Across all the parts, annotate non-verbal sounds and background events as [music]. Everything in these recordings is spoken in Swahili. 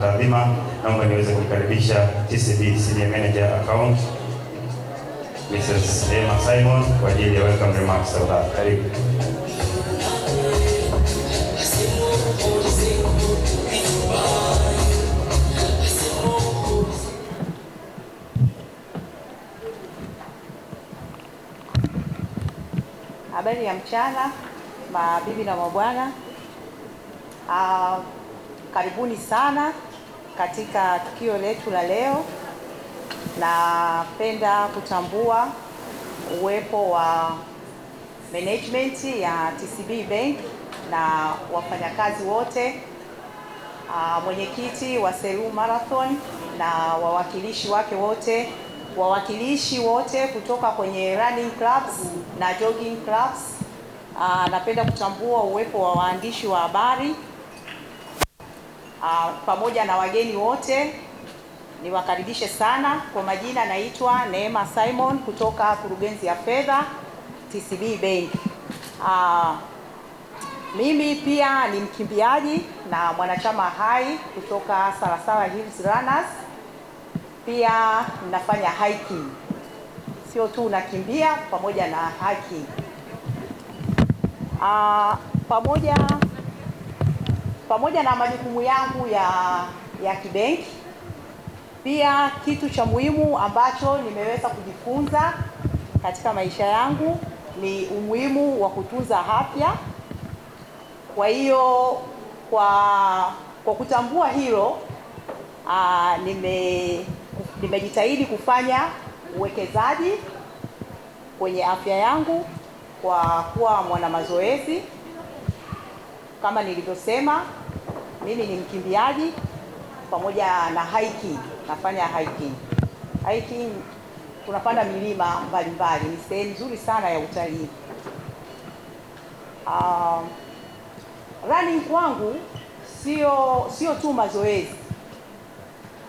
Lazima naomba niweze kumkaribisha TCB Senior Manager Account Mrs. Emma Simon kwa ajili ya welcome remarks. Karibu. Habari ya mchana, mabibi na mabwana. Uh, karibuni sana katika tukio letu la leo, napenda kutambua uwepo wa management ya TCB Bank na wafanyakazi wote, ah, mwenyekiti wa selu Marathon na wawakilishi wake wote, wawakilishi wote kutoka kwenye running clubs na jogging clubs. Ah, napenda kutambua uwepo wa waandishi wa habari Ah, pamoja na wageni wote niwakaribishe sana. Kwa majina naitwa Neema Simon kutoka Kurugenzi ya Fedha TCB Bank. Uh, mimi pia ni mkimbiaji na mwanachama hai kutoka Sarasara Hills Runners. Pia nafanya hiking, sio tu unakimbia pamoja na hiking. Uh, pamoja pamoja na majukumu yangu ya ya kibenki, pia kitu cha muhimu ambacho nimeweza kujifunza katika maisha yangu ni umuhimu wa kutunza afya. Kwa hiyo kwa kwa kutambua hilo aa, nime nimejitahidi kufanya uwekezaji kwenye afya yangu kwa kuwa mwana mazoezi kama nilivyosema. Mimi ni mkimbiaji pamoja na hiking, nafanya hiking. Hiking tunapanda milima mbalimbali, ni sehemu nzuri sana ya utalii. Uh, running kwangu sio sio tu mazoezi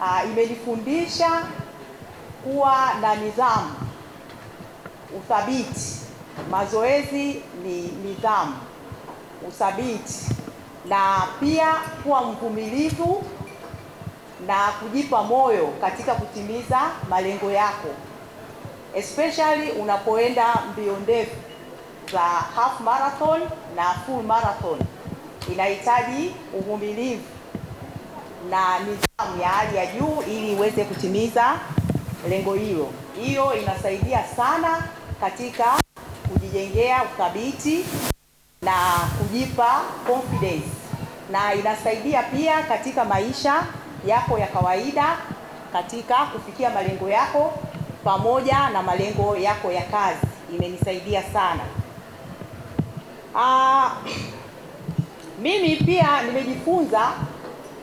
uh, imenifundisha kuwa na nidhamu, uthabiti. Mazoezi ni nidhamu, uthabiti na pia kuwa mvumilivu na kujipa moyo katika kutimiza malengo yako, especially unapoenda mbio ndefu za half marathon na full marathon. Inahitaji uvumilivu na nidhamu ya hali ya juu ili iweze kutimiza lengo hilo. Hiyo inasaidia sana katika kujijengea uthabiti na kujipa confidence, na inasaidia pia katika maisha yako ya kawaida, katika kufikia malengo yako pamoja na malengo yako ya kazi. Imenisaidia sana. Aa, ah, mimi pia nimejifunza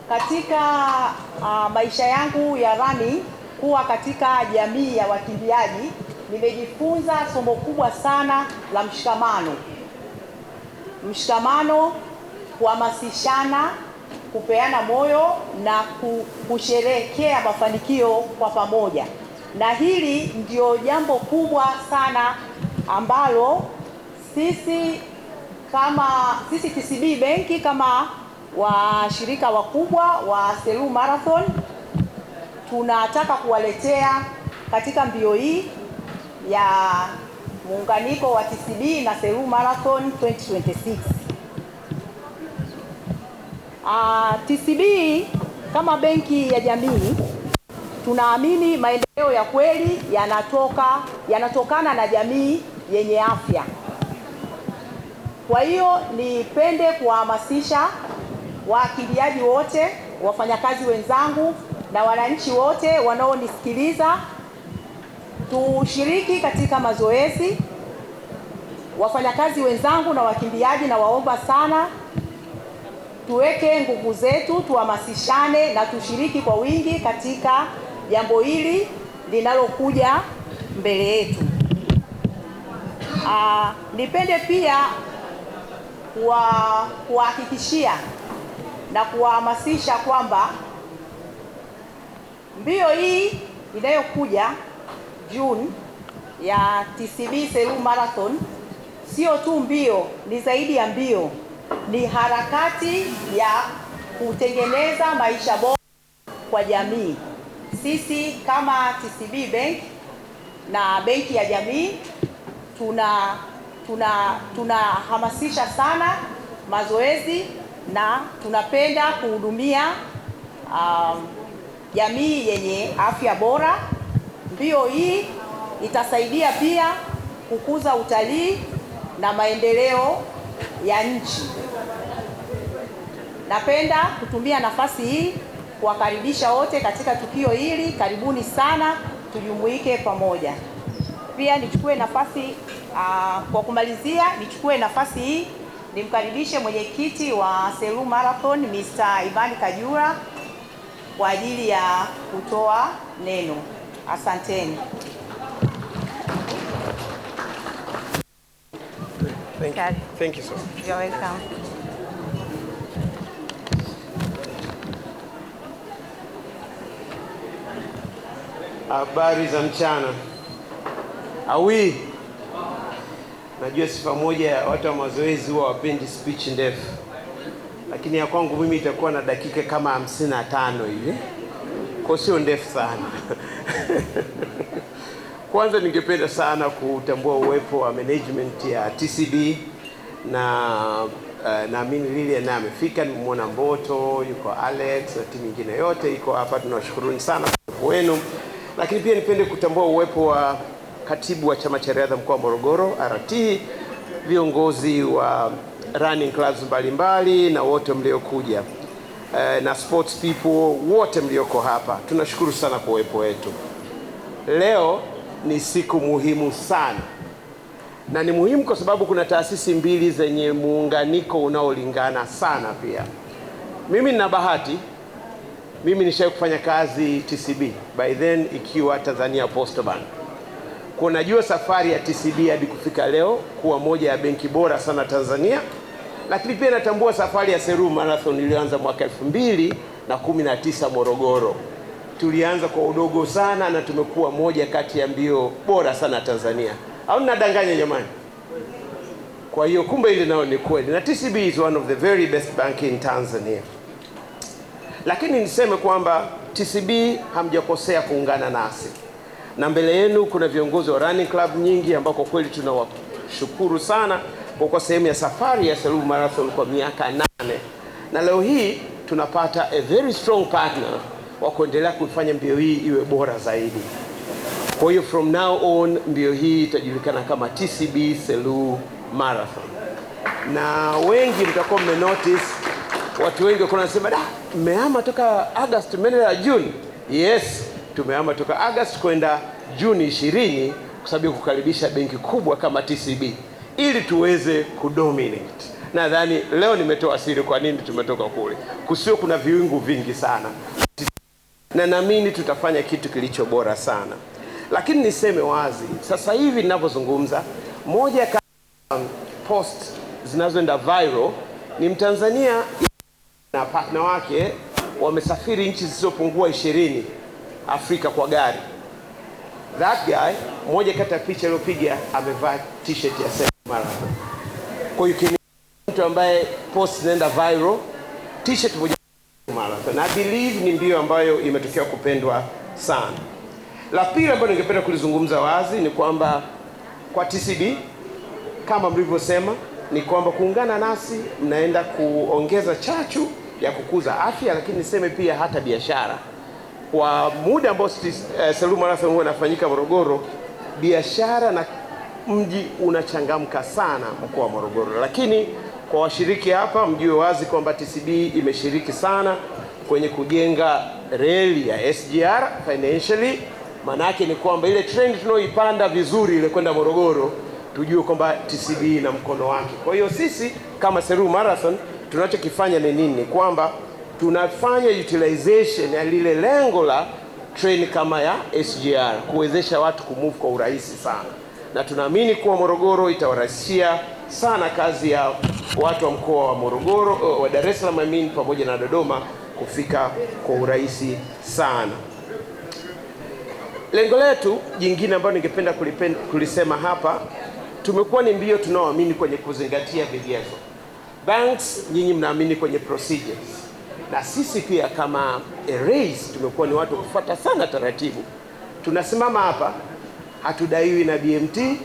katika aa, ah, maisha yangu ya rani kuwa katika jamii ya wakimbiaji nimejifunza somo kubwa sana la mshikamano mshikamano, kuhamasishana, kupeana moyo na kusherehekea mafanikio kwa pamoja, na hili ndio jambo kubwa sana ambalo sisi kama sisi TCB benki kama washirika wakubwa wa selu Marathon tunataka kuwaletea katika mbio hii ya muunganiko wa TCB na selu Marathon 2026. Uh, TCB kama benki ya jamii tunaamini maendeleo ya kweli yanatoka yanatokana na jamii yenye afya. Kwa hiyo nipende kuwahamasisha waakiliaji wote, wafanyakazi wenzangu na wananchi wote wanaonisikiliza tushiriki katika mazoezi. Wafanyakazi wenzangu na wakimbiaji, na waomba sana tuweke nguvu zetu, tuhamasishane na tushiriki kwa wingi katika jambo hili linalokuja mbele yetu. Aa, ah, nipende pia kuwahakikishia na kuwahamasisha kwamba mbio hii inayokuja June ya TCB selu Marathon sio tu mbio, ni zaidi ya mbio, ni harakati ya kutengeneza maisha bora kwa jamii. Sisi kama TCB Bank na Benki ya Jamii tuna tuna tunahamasisha sana mazoezi na tunapenda kuhudumia um, jamii yenye afya bora. Mbio hii itasaidia pia kukuza utalii na maendeleo ya nchi. Napenda kutumia nafasi hii kuwakaribisha wote katika tukio hili. Karibuni sana, tujumuike pamoja. Pia nichukue nafasi aa, ah, kwa kumalizia, nichukue nafasi hii nimkaribishe mwenyekiti wa selu Marathon Mr. Ivan Kajura kwa ajili ya kutoa neno. Asanteni. Thank you. Thank you so much. You're welcome. Habari za mchana. Awi. Najua sifa moja ya watu wa mazoezi huwa wapendi speech ndefu, lakini ya kwangu mimi itakuwa na dakika kama hamsini na tano hivi, kwa sio ndefu sana [laughs] [laughs] Kwanza ningependa sana kutambua uwepo wa management ya TCB na uh, naamini Lilian naye amefika, nimemwona Mboto yuko, Alex na timu nyingine yote iko hapa, tunawashukuruni sana uwepo wenu. Lakini pia nipende kutambua uwepo wa katibu wa chama cha riadha mkoa wa Morogoro RT, viongozi wa running clubs mbalimbali na wote mliokuja, uh, na sports people wote mlioko hapa, tunashukuru sana kwa uwepo wetu. Leo ni siku muhimu sana, na ni muhimu kwa sababu kuna taasisi mbili zenye muunganiko unaolingana sana. Pia mimi nina bahati, mimi nishawahi kufanya kazi TCB, by then ikiwa Tanzania Post Bank. Kunajua safari ya TCB hadi kufika leo kuwa moja ya benki bora sana Tanzania, lakini pia natambua safari ya Seru Marathon iliyoanza mwaka elfu mbili na kumi na tisa Morogoro tulianza kwa udogo sana na tumekuwa moja kati ya mbio bora sana Tanzania, au ninadanganya jamani? Kwa hiyo kumbe ile nayo ni kweli, na TCB is one of the very best bank in Tanzania. Lakini niseme kwamba TCB hamjakosea kuungana nasi, na mbele yenu kuna viongozi wa running club nyingi ambao kwa kweli tunawashukuru sana kwa kuwa sehemu ya safari ya Selous Marathon kwa miaka nane, na leo hii tunapata a very strong partner wa kuendelea kuifanya mbio hii iwe bora zaidi. Kwa hiyo from now on mbio hii itajulikana kama TCB Selous Marathon, na wengi mtakuwa notice, watu wengi wako nasema da, mmehama toka August mmeenda June. Yes, tumehama toka August kwenda Juni ishirini kwa sababu kukaribisha benki kubwa kama TCB ili tuweze kudominate. Nadhani leo nimetoa siri kwa nini tumetoka kule, kusio kuna viwingu vingi sana na naamini tutafanya kitu kilicho bora sana. Lakini niseme wazi, sasa hivi ninavyozungumza, moja ya um, post zinazoenda viral ni Mtanzania na partner wake wamesafiri nchi zisizopungua ishirini Afrika kwa gari. That guy moja kati ya picha aliyopiga amevaa t-shirt ya Seven Marathon. Kwa hiyo mtu ambaye post zinaenda viral t-shirt moja marathon. Na I believe ni mbio ambayo imetokea kupendwa sana. La pili ambayo ningependa kulizungumza wazi ni kwamba kwa TCB kama mlivyosema, ni kwamba kuungana nasi mnaenda kuongeza chachu ya kukuza afya, lakini niseme pia hata biashara. Kwa muda ambao eh, Selous Marathon huwa inafanyika Morogoro, biashara na mji unachangamka sana mkoa wa Morogoro, lakini kwa washiriki hapa, mjue wazi kwamba TCB imeshiriki sana kwenye kujenga reli ya SGR financially. Maana ni kwamba ile trend tunaoipanda vizuri ile kwenda Morogoro, tujue kwamba TCB ina mkono wake. Kwa hiyo sisi kama Seru Marathon tunachokifanya ni nini? Kwamba tunafanya utilization ya lile lengo la train kama ya SGR kuwezesha watu kumove kwa urahisi sana, na tunaamini kuwa Morogoro itawarahisishia sana kazi yao watu wa mkoa wa Morogoro, eh, wa Dar es Salaam amin, pamoja na Dodoma kufika kwa urahisi sana. Lengo letu jingine ambalo ningependa kulisema hapa, tumekuwa ni mbio tunaoamini kwenye kuzingatia vigezo. Banks, nyinyi mnaamini kwenye procedures, na sisi pia kama RAs tumekuwa ni watu kufuata sana taratibu. Tunasimama hapa, hatudaiwi na BMT,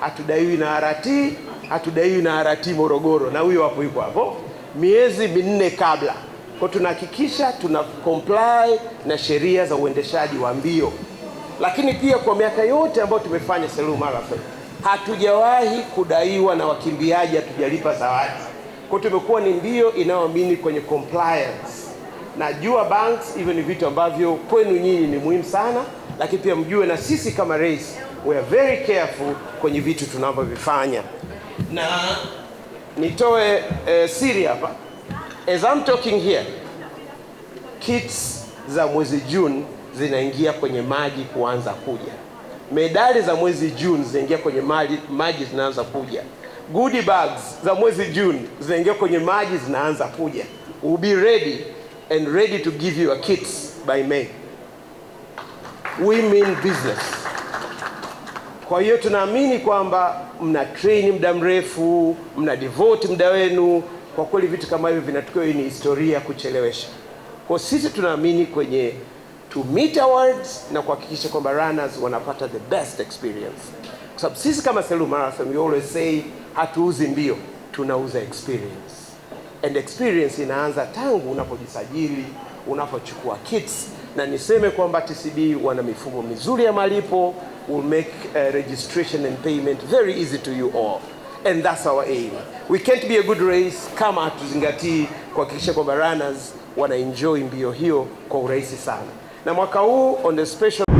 hatudaiwi na RT hatudaiwi na RT Morogoro, na huyo hapo yuko hapo miezi minne kabla. Kwa tunahakikisha tuna comply na sheria za uendeshaji wa mbio, lakini pia kwa miaka yote ambayo tumefanya Selous Marathon hatujawahi kudaiwa na wakimbiaji, hatujalipa zawadi. Kwa tumekuwa ni mbio inayoamini kwenye compliance. jua banks, hivyo ni vitu ambavyo kwenu nyinyi ni muhimu sana, lakini pia mjue na sisi kama race we are very careful kwenye vitu tunavyovifanya na nitoe eh, siri hapa, as I'm talking here, kits za mwezi June zinaingia kwenye maji kuanza kuja, medali za mwezi June zinaingia kwenye maji, maji zinaanza kuja, goodie bags za mwezi June zinaingia kwenye maji zinaanza kuja. We'll be ready and ready to give you a kits by May. We mean business. Kwa hiyo tunaamini kwamba mna train muda mrefu, mna devote muda wenu. Kwa kweli vitu kama hivyo vinatukiwa, hii ni historia kuchelewesha. Kwa sisi tunaamini kwenye to meet awards na kuhakikisha kwamba runners wanapata the best experience, kwa sababu sisi kama Selu Marathon we always say hatuuzi mbio, tunauza experience and experience inaanza tangu unapojisajili, unapochukua kits na niseme kwamba TCB wana mifumo mizuri ya malipo will make uh, registration and payment very easy to you all and that's our aim. We can't be a good race kama hatuzingatii kuhakikisha kwamba runners wana enjoy mbio hiyo kwa urahisi sana, na mwaka huu on the special